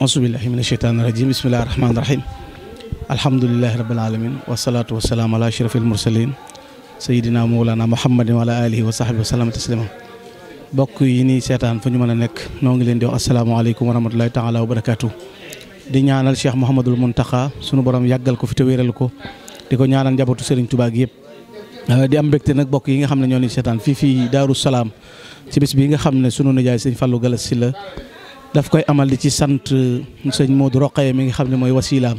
asubillahi min asheytaan irajim bismillahi rahmaani rahim alhamdulilahi rabbil alamin wasalaatu wasalaam ala ashrafil mursalin sayidina mawlana muhammadin wa ala alihi wa sahbihi wa salama taslima bokk yi nii seetaan fu ñu mën a nekk noo ngi leen di wax asalaamaaleykum wa rahmatulahi taala wa barakaatu di ñaanal cheikh mouhamadul muntaxa sunu borom yàggal ko fi te wéeral ko di ko ñaanal njabootu sëriñ tubaa gi yëpp ah, di am mbégte nag bokk yi nga xam ne ñoo ni seetaan fii fii daaru salaam ci bis bi nga xam ne sunu nijaay sëñ fàllu galas si la daf koy amal di ci sant euh, sëñ Modou Roqaye mi nga xam ne mooy wasilaam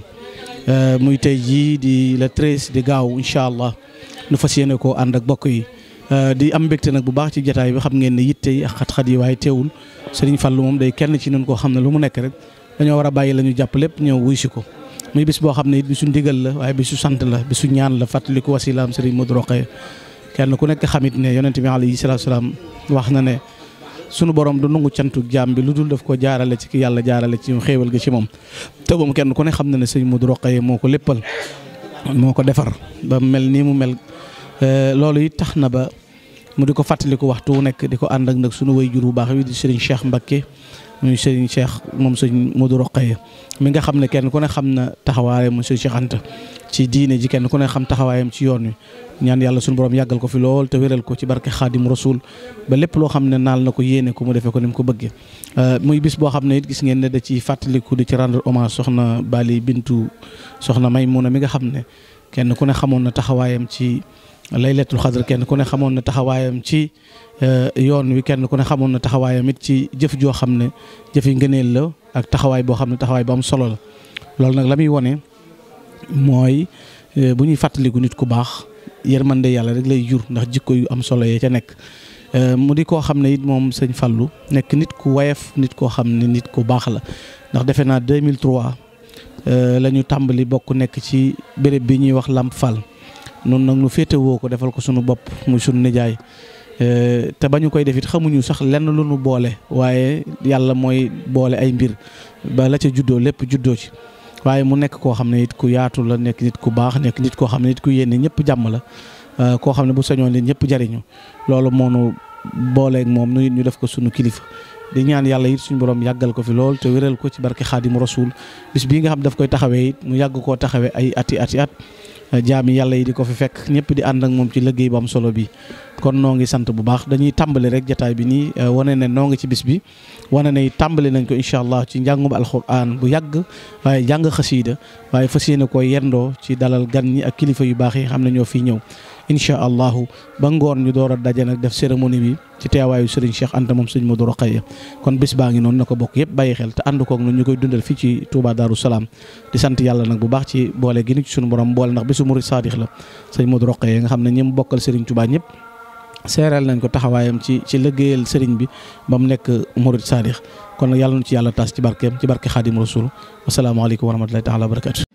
euh, muy tey jii di le treize di gaaw incha allah nu fa yéene koo ànd ak bokk yi euh, di am mbégte nag bu baax ci jataay bi xam ngeen ne yitte yi ak xat-xat yi waaye teewul sëriñ lu moom day kenn ci ñun koo xam ne lu mu nekk rek dañoo war a bàyyi la ñu jàpp lépp ñëw wuy si ko muy bis boo xam ne it bisu ndigal la waaye su sant la su ñaan la fàttaliku wasilaam sëriñ Modou Roqaye kenn ku nekk xamit ne yonent bi alayhi salaatu salaam wax na ne sunu borom du nangu cantu jaam bi lu dul def ko jaarale ci ki yàlla jaarale ci xéewal gi ci moom te moom kenn ku ne xam na ne sëñ Modou Rokhaya moo ko léppal moo ko defar ba mu mel nii mu mel euh, loolu yi tax na ba mu di ko fàttaliku waxtu wu nekk di ko ànd ak nag sunu way jur bu baax wi di sëriñ Cheikh Mbacké muy sëriñ Cheikh moom sëñ Modou Rokhaya mi nga xam ne kenn ku ne xam na taxawaare mu sëñ Cheikh ci diine ji kenn ku ne xam taxawaayam ci yoon wi ñaan yàlla suñu borom yàggal ko fi lool te wéral ko ci barke xaadim rasul ba lépp loo xam ne naal na ko yéene ko mu defee ko ni mu ko bëggee euh, muy bis boo xam ne it gis ngeen ne da ci fàttaliku di ci rendre hommage soxna Bali Bintu soxna Maymuna mi nga xam ne kenn ku ne xamoon na taxawaayam ci laylatul xadr kenn ku ne xamoon na taxawaayam ci euh, yoon wi kenn ku ne xamoon na taxawaayam it ci jëf joo xam ne jëfi ngëneel la ak taxawaay boo xam ne taxawaay bu am solo la loolu nag la muy wone mooy euh, bu ñuy fàttaliku nit ku baax yërmande yàlla rek lay jur ndax jikko yu am solo yee ca nekk. Euh, mu di koo xam ne it moom sëñ Fallou nekk nit ku wayef nit koo xam ne nit ku baax la ndax defe naa 2003 euh, la ñu tàmbali bokk nekk ci béréb bi ñuy wax Lamp Fall noonu nag nu féetewoo ko defal ko sunu bopp muy sunu nijaay. te ba ñu koy def it xamuñu sax lenn lu nu boole waaye yàlla mooy boole ay mbir ba la ca juddoo lépp juddoo ci waaye mu nekk koo xam ne it ku yaatu la nekk nit ku baax nekk nit koo xam ne nit ku yéene ñëpp jàmm la euh, koo xam ne bu soñoon nit ñëpp jariñu loolu moo nu booleeg moom ñu def ko sunu kilifa di ñaan yàlla it suñu boroom yàggal ko fi lool te wéral ko ci barke xaadimu rasul bis bii nga xam daf koy taxawee it mu yàgg koo taxawee ay ati ati at jaami yàlla yi di ko fi fekk ñëpp di ànd ak moom ci liggéey bu am solo bi kon noo ngi sant bu baax dañuy tàmbali rek jataay bi nii eh, wane ne noo ngi ci bis bi wane ne tàmbali nañ ko incha allah ci njàngum alquran bu yàgg waaye jàng xasiida waaye fas yéene koy yendoo ci dalal gan ñi ak kilifa yu baax yi xam ne ñoo fiy ñëw incha allahu ba ngoon ñu door a nag def cérémonie bi ci teewaayu Serigne Cheikh Anta moom Serigne Modou Rokhaya kon bis baa ngi noonu na ko bokk yëpp bàyyi xel te ànd koog noonu ñu koy dundal fii ci Touba Darou Salaam di sant yàlla nag bu baax ci boole gi ci suñu borom boole ndax bisu murid saadix la Serigne Modou Rokhaya nga xam ne ñim bokkal Serigne Touba ñëpp seeral nañ ko taxawaayam ci ci liggéeyal Serigne bi ba mu nekk murid saadix kon nag yàlla nu ci yàlla taas ci barkeem ci barke Xaadim Rasul wasalaamaaleykum wa rahmatullahi taala wa barakatu